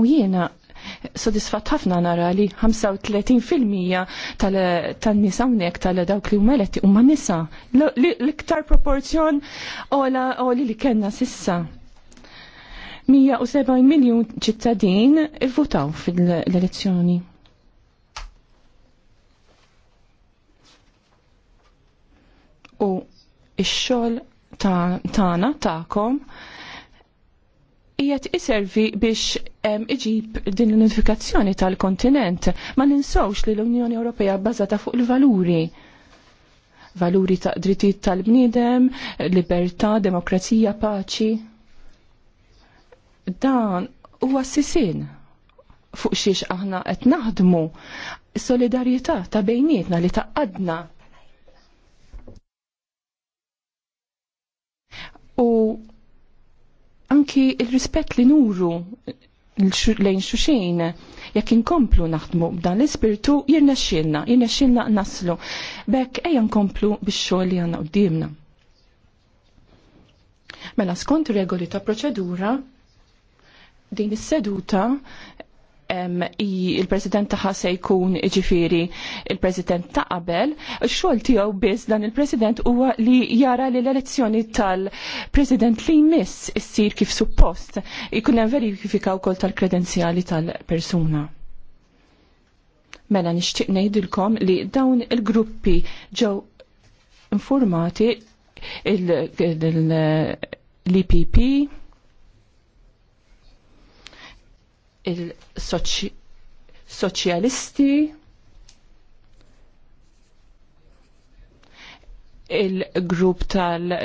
U jiena sodisfat ħafna nara li 35% tal-nisa hawnhekk tal-dawk li huma u ma nisa. L-iktar proporzjon oli li kellna sissa. 170 miljun ċittadin ivvutaw fil-elezzjoni. U ix-xogħol tagħna tagħkom ta qiegħed iservi biex iġib din l-unifikazzjoni tal-kontinent. Ma ninsawx li l-Unjoni Ewropea bbażata fuq il-valuri valuri ta' drittijiet tal-bniedem, libertà, demokrazija, paċi. Dan huwa sisin fuq xiex aħna qed naħdmu solidarjetà ta' bejnietna li ta' għadna. anki il-rispett li nuru lejn xuxin jekk inkomplu naħdmu b'dan l-ispirtu jirna xilna, jirna naslu. Bekk ejja nkomplu bix xogħol li għandna qudiemna. Mela skont regoli ta' proċedura din is-seduta il-president taħħa se jkun ġifiri il-president ta' qabel, xogħol tiegħu biss dan il-president huwa li jara li l-elezzjoni tal-president li jmiss issir kif suppost, ikun hemm verifika wkoll tal-kredenzjali tal-persuna. Mela nixtieq ngħidilkom li dawn il-gruppi ġew informati l-IPP, il-soċjalisti, il grup tal-